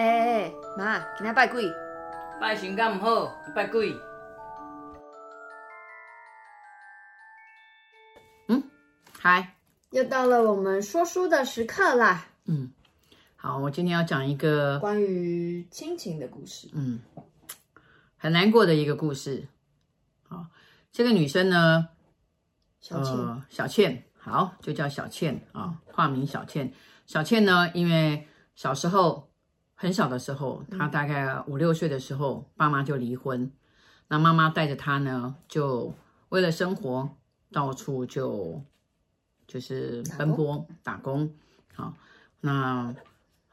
哎、欸欸欸、媽，今啊拜鬼？拜神敢唔好，拜鬼。嗯，嗨，又到了我們說書的時刻啦。嗯，好，我今天要講一個關於親情的故事。嗯，很難過的一個故事。好、哦，這個女生呢，小倩、呃，小倩，好，就叫小倩啊、哦，化名小倩。小倩呢，因為小時候。很小的時候，他大概五六歲的時候、嗯，爸媽就離婚。那媽媽帶着他呢，就為了生活、嗯、到處就就是奔波打工，打工。好，那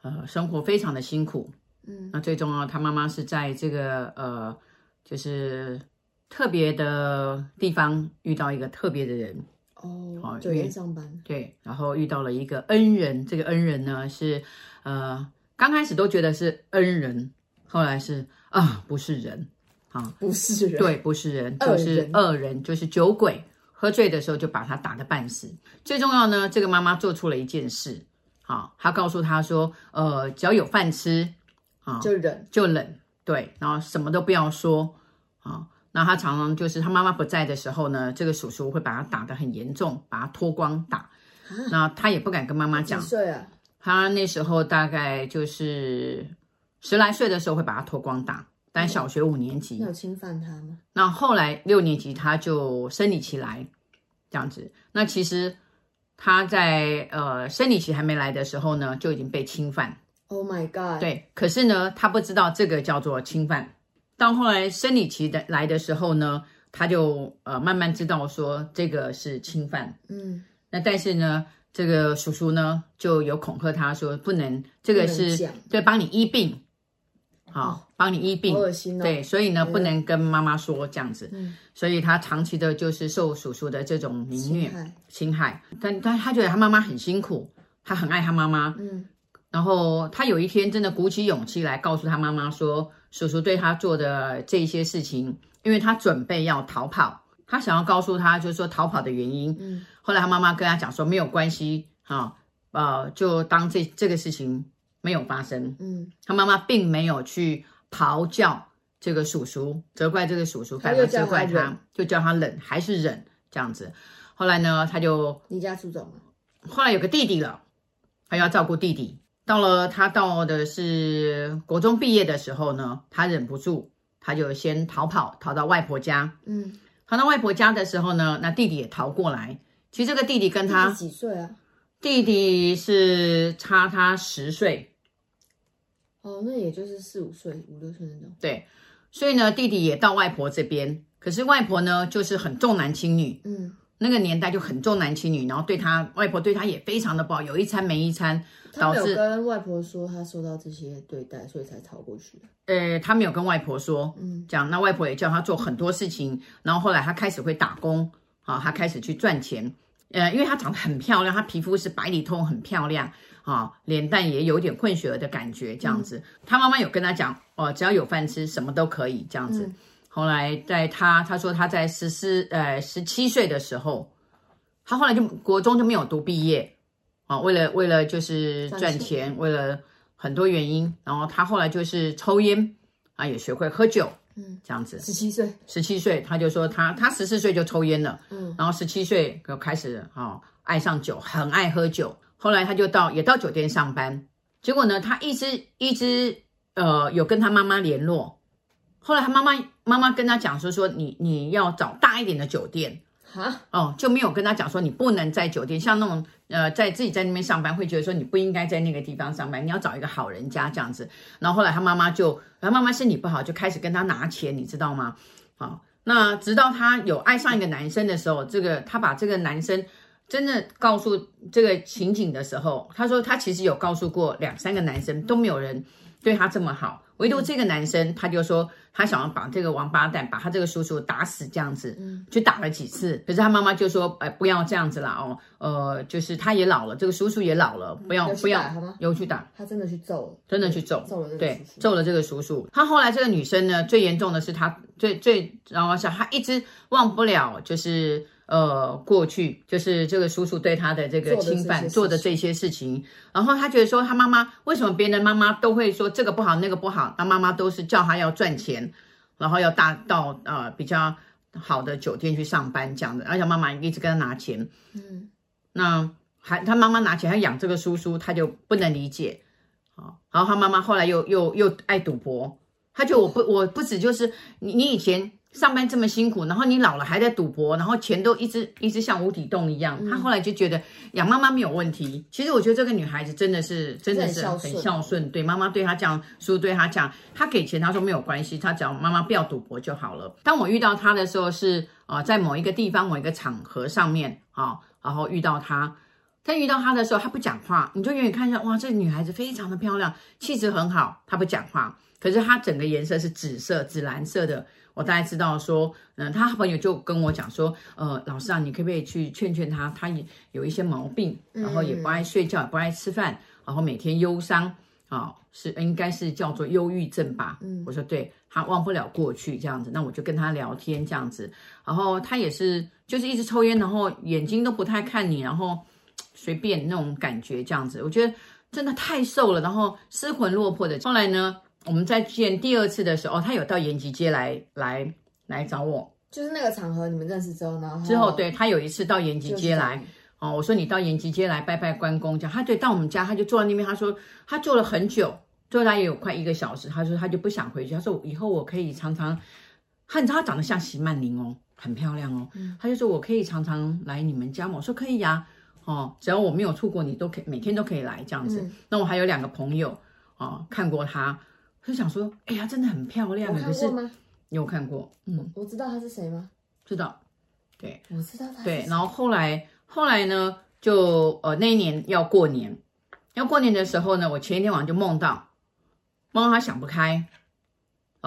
呃，生活非常的辛苦。嗯。那最終呢，他媽媽是在這個呃，就是特別的地方遇到一個特別的人。哦。酒店上班。對。然後遇到了一個恩人，這個恩人呢是呃。剛開始都覺得是恩人，後來是啊，不是人，啊不是人，對，不是人，人，就是惡人，就是酒鬼，喝醉的時候就把他打得半死。最重要呢，這個媽媽做出了一件事，好，啊，她告訴他說，呃，只要有飯吃，啊，就忍就忍，對，然後什麼都不要說，啊，那他常常就是他媽媽不在的時候呢，這個叔叔會把他打得很嚴重，把他脫光打，那 他也不敢跟媽媽講。他那時候大概就是十來歲的時候會把他脫光打。但小學五年級、嗯、有侵犯他嗎？那後來六年級他就生理期來，這樣子。那其實他在呃生理期還沒來的時候呢，就已經被侵犯。Oh my God！對，可是呢，他不知道這個叫做侵犯。到後來生理期的來的時候呢，他就呃慢慢知道說這個是侵犯。嗯，那但是呢，這個叔叔呢，就有恐嚇他說不能，這個是對幫你醫病，好，嗯哦，幫你醫病，噁心哦，對，所以呢，不能跟媽媽說這樣子。嗯，所以他長期的就是受叔叔的這種凌虐侵害，侵害。但但他覺得他媽媽很辛苦，他很愛他媽媽。嗯，然後他有一天真的鼓起勇氣來告訴他媽媽說，嗯、叔叔對他做的這些事情，因為他準備要逃跑，他想要告訴他，就是說逃跑的原因。嗯。後來他媽媽跟他講說沒有關係，哈、哦，呃，就當這這個事情沒有發生。嗯，他媽媽並沒有去咆叫這個叔叔，責怪這個叔叔，反而責怪他，他，他，就叫他忍，還是忍，這樣子。後來呢，他就離家出走了。後來有個弟弟了，他要照顧弟弟。到了他到的是國中畢業的時候呢，他忍不住，他就先逃跑，逃到外婆家。嗯，逃到外婆家的時候呢，那弟弟也逃過來。其實這個弟弟跟他幾歲啊？弟弟是差他十歲。哦，那也就是四五歲、五六歲那種。對，所以呢，弟弟也到外婆這邊，可是外婆呢，就是很重男輕女。嗯。那個年代就很重男輕女，然後對他外婆對他也非常的不好，有一餐沒一餐。呃、導致跟外婆說他受到這些對待，所以才逃過去的。呃，他沒有跟外婆說，嗯，講那外婆也叫他做很多事情，然後後來他開始會打工。啊、哦，他開始去賺錢，呃，因為他長得很漂亮，他皮膚是白裡透紅，很漂亮，啊、哦，臉蛋也有點混血兒的感覺，這樣子、嗯。他媽媽有跟他講，哦，只要有飯吃，什麼都可以，這樣子。嗯、後來在他，他說他在十四，呃，十七歲的時候，他後來就國中就沒有讀畢業，啊、哦，為了為了就是賺錢，為了很多原因，然後他後來就是抽煙，啊，也學會喝酒。嗯，這樣子，十七歲，十七歲他就說他他十四歲就抽煙了，嗯，然後十七歲就開始好、哦、愛上酒，很愛喝酒，後來他就到也到酒店上班，結果呢，他一直一直呃有跟他媽媽聯絡，後來他媽媽媽媽跟他講說說你你要找大一點的酒店。啊、huh? 哦，就沒有跟他講說你不能在酒店，像那種呃，在自己在那邊上班，會覺得說你不應該在那個地方上班，你要找一個好人家這樣子。然後後來他媽媽就，他媽媽身體不好，就開始跟他拿錢，你知道嗎？好、哦，那直到他有愛上一個男生的時候，這個他把這個男生真的告訴這個情景的時候，他說他其實有告訴過兩三個男生，都沒有人。對他這麼好，唯獨這個男生，他就說他想要把這個王八蛋，把他這個叔叔打死，這樣子，就、嗯、打了幾次。可是他媽媽就說：“哎，不要這樣子啦，哦，呃，就是他也老了，這個叔叔也老了，不要不要，又去打。他真的去揍，真的去揍，揍了這個叔叔。對，揍了這個叔叔。他後來這個女生呢，最嚴重的是她最最，然後是她一直忘不了，就是。”呃，過去就是這個叔叔對他的這個侵犯做的，做的這些事情，然後他覺得說，他媽媽為什麼別人的媽媽都會說這個不好那個不好，他媽媽都是叫他要賺錢，然後要大到呃比較好的酒店去上班這樣的，而且媽媽一直跟他拿錢，嗯，那還他媽媽拿錢他養這個叔叔，他就不能理解，好，然後他媽媽後來又又又愛賭博，他就我不我不止就是你，你以前。上班這麼辛苦，然後你老了還在賭博，然後錢都一直一直像無底洞一樣。她、嗯、後來就覺得養媽媽沒有問題。其實我覺得這個女孩子真的是真的是很孝順，孝順對媽媽對她這樣，叔對她這樣，她給錢她說沒有關係，她只要媽媽不要賭博就好了。當我遇到她的時候是啊、呃，在某一個地方某一個場合上面啊、呃，然後遇到她，她遇到她的時候她不講話，你就遠遠看一下，哇，這個女孩子非常的漂亮，氣質很好。她不講話，可是她整個顏色是紫色、紫藍色的。我大概知道說，嗯，他好朋友就跟我講說，呃，老師啊，你可不可以去勸勸他？他也有一些毛病，然後也不愛睡覺，也不愛吃飯，然後每天憂傷，啊、哦，是應該是叫做憂鬱症吧？嗯，我說對，他忘不了過去這樣子，那我就跟他聊天這樣子，然後他也是就是一直抽煙，然後眼睛都不太看你，然後隨便那種感覺這樣子，我覺得真的太瘦了，然後失魂落魄的。後來呢？我們在見第二次的時候，他有到延吉街來來來找我，就是那個場合，你們認識之後呢？之後，對他有一次到延吉街來，就是，哦，我說你到延吉街來拜拜關公，這樣他對到我們家，他就坐在那邊，他說他坐了很久，坐了也有快一個小時，他說他就不想回去，他說以後我可以常常，他你知道他長得像席曼寧哦，很漂亮哦，嗯，他就說我可以常常來你們家嘛，我說可以呀，啊，哦，只要我沒有錯過你，都可以每天都可以來這樣子，嗯，那我還有兩個朋友啊，哦、看過他。就想說，哎呀，真的很漂亮，可是你有看過？嗯，我知道她是誰嗎？知道，對，我知道他是誰。對，然後後來，後來呢，就呃，那一年要過年，要過年的時候呢，我前一天晚上就夢到，夢到她想不開。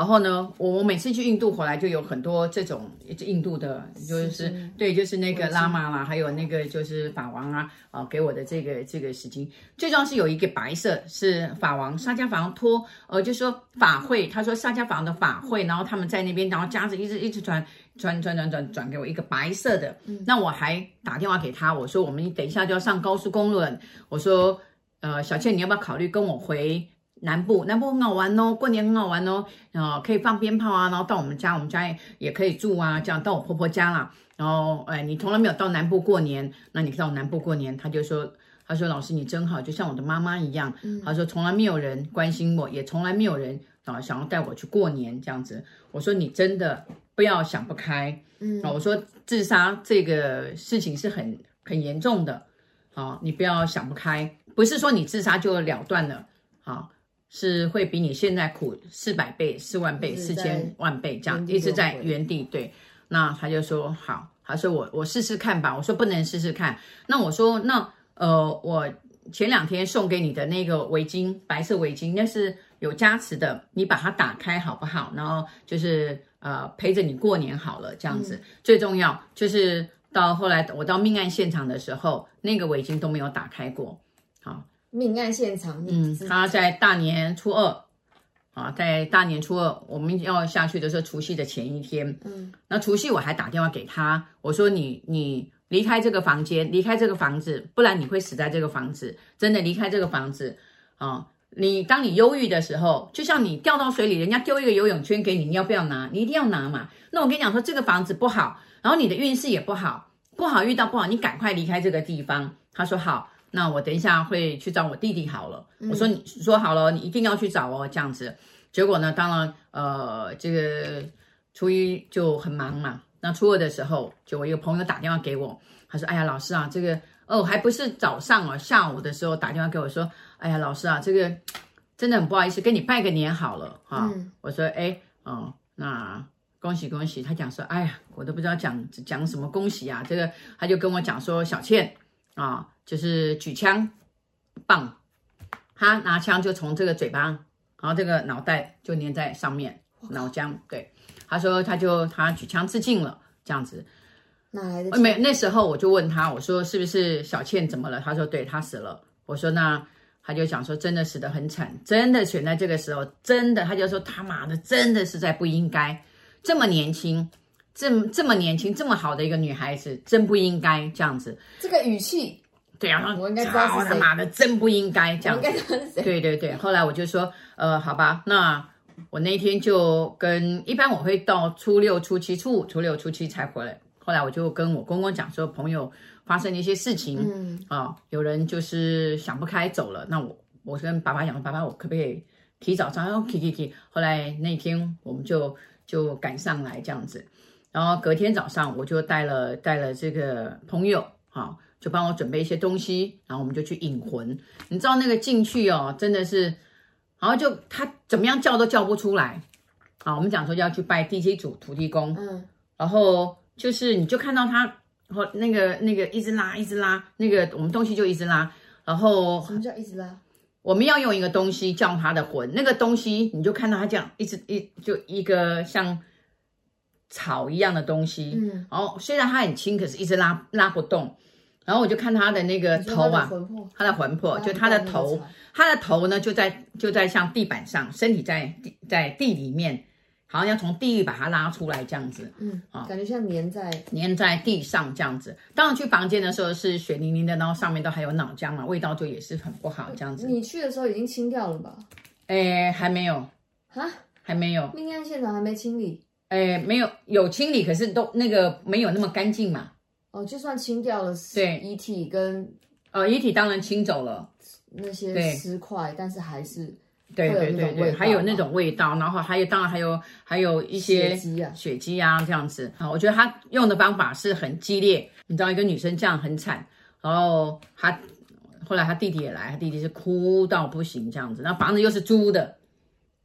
然後呢，我我每次去印度回來就有很多這種印度的，就是對，就是那個喇嘛啦，還有那個就是法王啊，呃，給我的這個這個絲巾。最重要是有一個白色，是法王薩迦法王托，呃，就說法會，他說薩迦法王的法會，然後他們在那邊，然後夾着一直一直傳傳傳傳傳傳給我一個白色的，那我還打電話給他，我說我們等一下就要上高速公路了，我說呃，小倩你要不要考慮跟我回？南部，南部很好玩哦，過年很好玩哦，然後可以放鞭炮啊，然後到我們家，我們家也也可以住啊，這樣到我婆婆家啦。然後，哎，你從來沒有到南部過年，那你到南部過年，他就說，他說老師你真好，就像我的媽媽一樣，嗯，他說從來沒有人關心我，也從來沒有人啊想要帶我去過年這樣子，我說你真的不要想不開，嗯，然後我說自殺這個事情是很很嚴重的，好，你不要想不開，不是說你自殺就了斷了，好。是會比你現在苦四百倍、四萬倍、四千萬倍這樣，一直在原地。對，那他就說好，他說我我試試看吧。我說不能試試看。那我說那呃，我前兩天送給你的那個圍巾，白色圍巾，那是有加持的，你把它打開好不好？然後就是呃陪着你過年好了，這樣子。嗯。最重要就是到後來我到命案現場的時候，那個圍巾都沒有打開過。命案現場。嗯，他在大年初二，啊，在大年初二，我們要下去的時候，除夕的前一天。嗯，那除夕我還打電話給他，我說：“你你離開這個房間，離開這個房子，不然你會死在這個房子。真的離開這個房子，啊，你當你憂鬱的時候，就像你掉到水裡，人家丟一個游泳圈給你，你要不要拿？你一定要拿嘛。那我跟你講說，這個房子不好，然後你的運勢也不好，不好遇到不好，你趕快離開這個地方。”他說：“好。”那我等一下會去找我弟弟好了。我說你說好了，你一定要去找哦，這樣子。結果呢，當然呃，這個初一就很忙嘛。那初二的時候，就我一個朋友打電話給我，他說：“哎呀，老師啊，這個哦，還不是早上哦，下午的時候打電話給我說，哎呀，老師啊，這個真的很不好意思，跟你拜個年好了哈。”我說：“哎哦，呃，那恭喜恭喜。”他講說：“哎呀，我都不知道講講什麼恭喜啊，這個他就跟我講說，小倩。”啊、哦，就是舉槍棒，他拿槍就從這個嘴巴，然後這個腦袋就粘在上面，腦漿，對。他說，他就他舉槍自盡了，這樣子。那、哦，沒那時候我就問他，我說是不是小倩怎麼了？他說對，他死了。我說那他就想說，真的死得很慘，真的選在這個時候，真的他就說他媽的，真的實在不應該這麼年輕。這這麼年輕，這麼好的一個女孩子，真不應該這樣子。這個語氣，對啊，我應該知道是誰。操他媽的，真不應該這樣。我應該知道是誰。對對對。後來我就說，呃，好吧，那我那天就跟一般我會到初六、初七、初五、初六、初七才回來。後來我就跟我公公講說，朋友發生了一些事情，嗯，啊、哦，有人就是想不開走了。那我我跟爸爸講，爸爸，我可不可以提早上？哦，可以可以。後來那天我們就就趕上來這樣子。然後隔天早上我就帶了帶了這個朋友，好就幫我準備一些東西，然後我們就去引魂。你知道那個進去哦，真的是，然後就他怎麼樣叫都叫不出來，啊，我們講說要去拜地基主土地公，嗯，然後就是你就看到他後那個那個一直拉一直拉，那個我們東西就一直拉，然後什麼叫一直拉？我們要用一個東西叫他的魂，那個東西你就看到他這樣一直一就一個像。草一樣的東西，然、嗯、後、哦、雖然它很輕，可是一直拉拉不動。然後我就看他的那個頭啊，他的魂魄，它魂魄它就他的頭，他的頭呢就在就在像地板上，身體在地在地裡面，好像要從地獄把它拉出來這樣子。嗯，啊、哦，感覺像粘在粘在地上這樣子。當我去房間的時候是血淋淋的，然後上面都還有腦漿嘛，味道就也是很不好這樣子。你，你去的時候已經清掉了吧？哎，還沒有。哈，還沒有。命案現場還沒清理。哎，沒有有清理，可是都那個沒有那麼乾淨嘛。哦，就算清掉了，對，遺體跟呃遺體當然清走了，那些屍塊，但是還是、啊、對對對對，還有那種味道，然後還有當然還有還有一些血跡啊，血跡啊，這樣子啊，我覺得他用的方法是很激烈，你知道一個女生這樣很慘，然後他後來他弟弟也來，他弟弟是哭到不行這樣子，那房子又是租的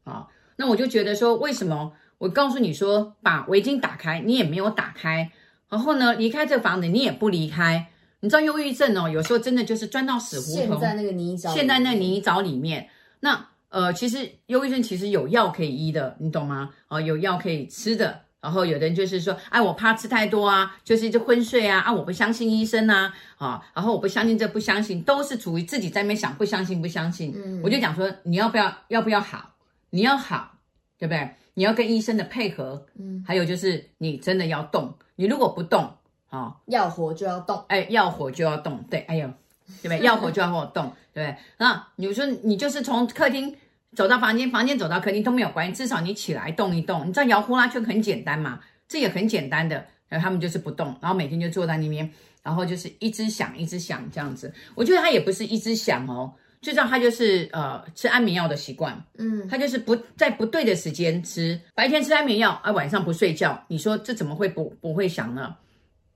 啊，那我就覺得說為什麼？我告訴你說，把圍巾打開，你也沒有打開。然後呢，離開這房子，你也不離開。你知道憂鬱症哦，有時候真的就是鑽到死胡同。陷在那個泥沼，陷在那個泥沼裡面。那呃，其實憂鬱症其實有藥可以醫的，你懂嗎？哦、有藥可以吃的。然後有的人就是說，哎，我怕吃太多啊，就是一直昏睡啊，啊，我不相信醫生啊，啊、哦，然後我不相信這不相信，都是處於自己在那邊想不相信不相信。嗯。我就講說，你要不要要不要好？你要好，對不對？你要跟醫生的配合，嗯，還有就是你真的要動。你如果不動，啊、哦、要活就要動，哎，要活就要動，對，哎呦， 對不對？要活就要活動，對，對那你說、就是、你就是從客廳走到房間，房間走到客廳都沒有關係，至少你起來動一動。你知道搖呼啦圈很簡單嘛？這也很簡單的。然後他們就是不動，然後每天就坐在那邊，然後就是一直想，一直想這樣子。我覺得他也不是一直想哦。知道他就是呃吃安眠藥的習慣，嗯，他就是不在不對的時間吃，白天吃安眠藥啊，晚上不睡覺，你說這怎麼會不不會想呢？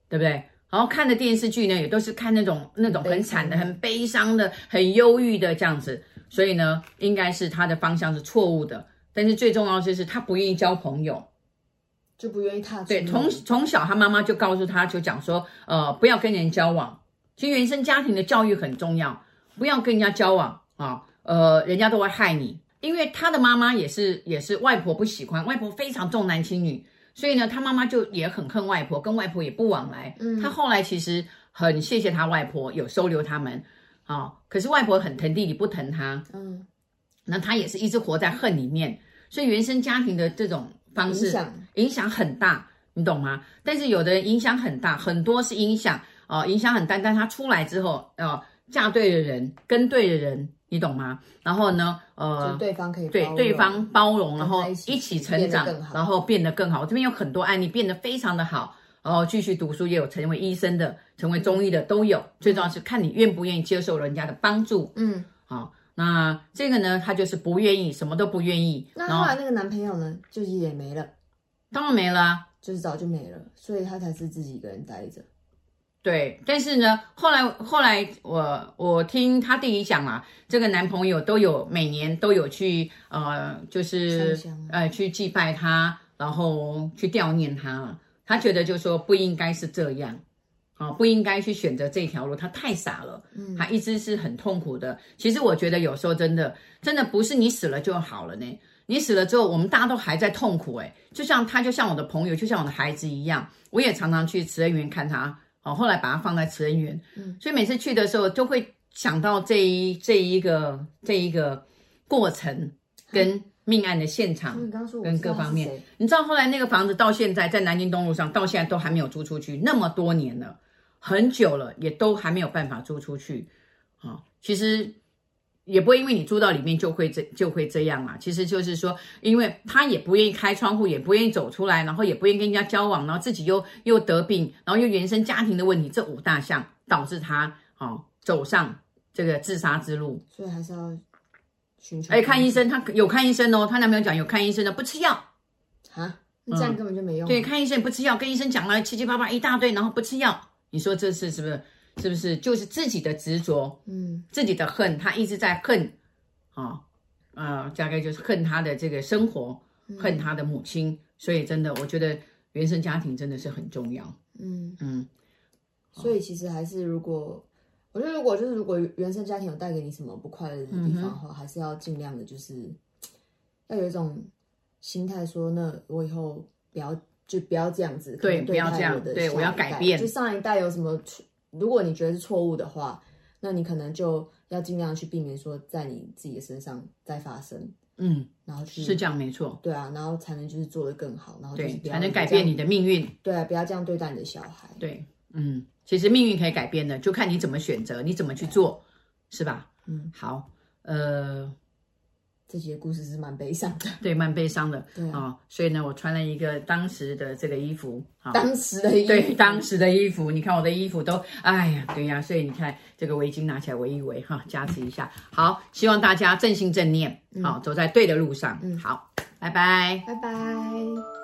對不對？然後看的電視劇呢，也都是看那種那種很慘的，很悲情的，很悲傷的、很悲傷的、很憂鬱的這樣子，所以呢，應該是他的方向是錯誤的。但是最重要的是他不願意交朋友，就不願意踏實。對，從從小他媽媽就告訴他，就講說，呃，不要跟人交往。其實原生家庭的教育很重要。不要跟人家交往啊、哦！呃，人家都會害你，因為他的媽媽也是，也是外婆不喜歡，外婆非常重男輕女，所以呢，他媽媽就也很恨外婆，跟外婆也不往來。嗯，他後來其實很謝謝他外婆有收留他們，啊、哦，可是外婆很疼弟弟，不疼他。嗯，那他也是一直活在恨裡面，所以原生家庭的這種方式影響很大，你懂嗎？但是有的人影響很大，很多是影響啊、哦，影響很大，但他出來之後，哦。嫁對的人，跟對的人，你懂嗎？然後呢，呃，對方可以包容對對方包容，然後一起成長，然後變得更好。我這邊有很多案例，變得非常的好，然後繼續讀書，也有成為醫生的，成為中醫的都有。最重要是看你願不願意接受人家的幫助。嗯，好，那這個呢，他就是不願意，什麼都不願意。那後來那個男朋友呢，就是也沒了，當然沒了啊，就是早就沒了，所以他才是自己一個人待着。對，但是呢，後來後來我我聽他弟弟講啊，這個男朋友都有每年都有去呃，就是想想呃去祭拜他，然後去悼念他，他覺得就說不應該是這樣，啊，不應該去選擇這條路，他太傻了，嗯，他一直是很痛苦的。其實我覺得有時候真的真的不是你死了就好了呢，你死了之後，我們大家都還在痛苦誒、欸、就像他，就像我的朋友，就像我的孩子一樣，我也常常去慈恩園看他。哦，後來把它放在慈恩園，嗯，所以每次去的時候都會想到這一這一，一個、嗯、這一個過程跟命案的現場，跟各方面、嗯，你知道後來那個房子到現在在南京東路上，到現在都還沒有租出去，那麼多年了，很久了，也都還沒有辦法租出去。啊、哦，其實。也不會因為你住到裡面就會這就會這樣嘛、啊，其實就是說，因為他也不願意開窗戶，也不願意走出來，然後也不願意跟人家交往，然後自己又又得病，然後又原生家庭的問題，這五大項導致他哦走上這個自殺之路。所以還是要尋求哎看醫生，他有看醫生哦，他男朋友講有看醫生的、哦、不吃藥啊，那這樣根本就沒用、啊嗯。對，看醫生不吃藥，跟醫生講了七七八八一大堆，然後不吃藥，你說這是是不是？是不是就是自己的執着？嗯，自己的恨，他一直在恨，啊、哦，呃，大概就是恨他的這個生活、嗯，恨他的母親。所以真的，我覺得原生家庭真的是很重要。嗯嗯，所以其實還是，如果我覺得如果就是如果原生家庭有帶給你什麼不快樂的地方的話，嗯、還是要盡量的，就是要有一種心態說，說那我以後不要就不要這樣子對，對不要這樣的，對待我的，對我要改變。就上一代有什麼？如果你覺得是錯誤的話，那你可能就要盡量去避免說在你自己的身上再發生，嗯，然後去，是這樣沒錯，對啊，然後才能就是做得更好，然後對，才能改變你的命運，對啊，不要這樣對待你的小孩，對，嗯，其實命運可以改變的，就看你怎麼選擇，你怎麼去做，是吧？嗯，好，呃。這些故事是蠻悲傷的，對，蠻悲傷的，對啊、哦，所以呢，我穿了一個當時的這個衣服，啊、哦，當時的衣服，對，當時的衣服，你看我的衣服都，哎呀，對呀、啊，所以你看這個圍巾拿起來圍一圍，哈、哦，加持一下，好，希望大家正信正念，好、嗯哦，走在對的路上，嗯，好，拜拜，拜拜。